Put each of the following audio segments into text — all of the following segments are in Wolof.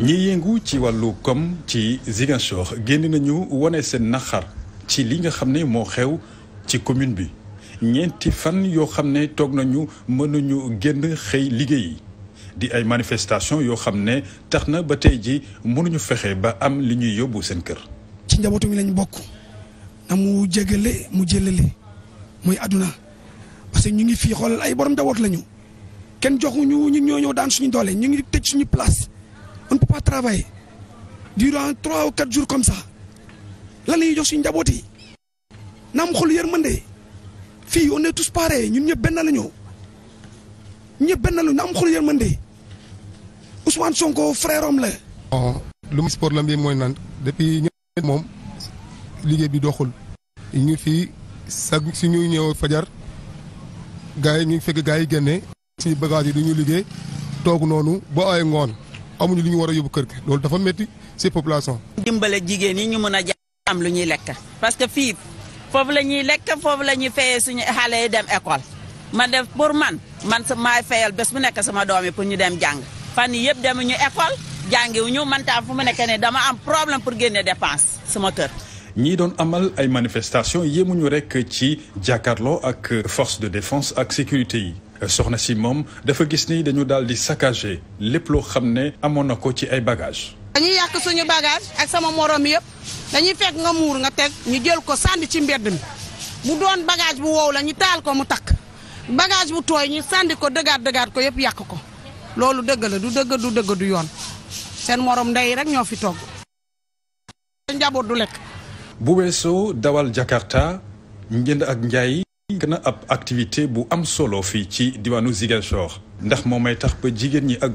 ñi yëngu ci wàllu kom ci Ziguinchor génn nañu wane seen naxar ci li nga xam ne moo xew ci commune bi ñeenti fan yoo xam ne toog nañu mënuñu génn xëy liggéey di ay manifestation yoo xam ne tax na ba tey ji mënuñu fexe ba am li ñuy yóbbu seen kër. ci njabootu mi lañ bokk na mu jégale mu jëlale mooy àdduna parce que ñu ngi fii xoolal ay borom njaboot lañu kenn joxuñu ñu ñoo ñëw daan suñu doole ñu ngi tëj suñu place. on ne peut pas travailler durant trois ou quatre jours comme sax lan la jox suñu njaboot yi naam xol yërmande fii on est tous pareils ñun ñëpp benn la ñu ñëpp benn la ñu naam xol yërmande Ousmane Sonko frère am la. Oh, lu mu sport la bi mooy naan depuis ñëpp moom liggéey bi doxul. ñu fii sag si ñu ñëw fajar gars yi ñu fekk gars yi génne suñu bagage yi du ñu liggéey toog noonu boo ay ngoon. amuñu lu ñu war a yóbbu kër gi loolu dafa métti ces populations. dimbale jigéen yi ñu mën a am lu ñuy lekk parce que fii foofu la ñuy lekk foofu la ñuy fayee suñu xale yi dem école man def pour man man sa maay fayal bés mu nekk sama doom yi pour ñu dem jàng fan yii yëpp demuñu école jàngiwuñu man tam fu mu nekk ne dama am problème pour génne dépense sama kër. ñii doon amal ay manifestation ñu rekk ci jàkkarloo ak force de défense ak sécurité yi Euh, soxna si moom dafa gis nii dañu daal di saccagé lépp loo xam ne amoon na ko ci ay bagage dañuy yàq suñu bagage ak sama moroom yëpp dañuy fekk nga muur nga teg ñu jël ko sànni ci mbedd mi bu doon bagage bu wow la ñu taal ko mu takk bagage bu tooy ñu sàndi ko dëgaat dëgaat ko yëpp yàq ko loolu dëgg la du dëgg du dëgg du yoon seen morom ndey rek ñoo fi toog njaboot du lekk. bu weesoo dawal Jakarta njënd ak njaay nekk na ab activité bu am solo fii ci diwaanu Ziguinchor ndax moo may tax ba jigéen ñi ak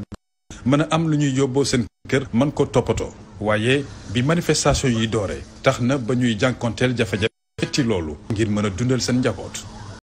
mën a am lu ñuy yóbboo seen kër mën ko toppatoo waaye bi manifestation yi doore tax na ba ñuy jànkonteel jafe-jafe ci loolu ngir mën a dundal seen njaboot